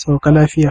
Sauka lafiya.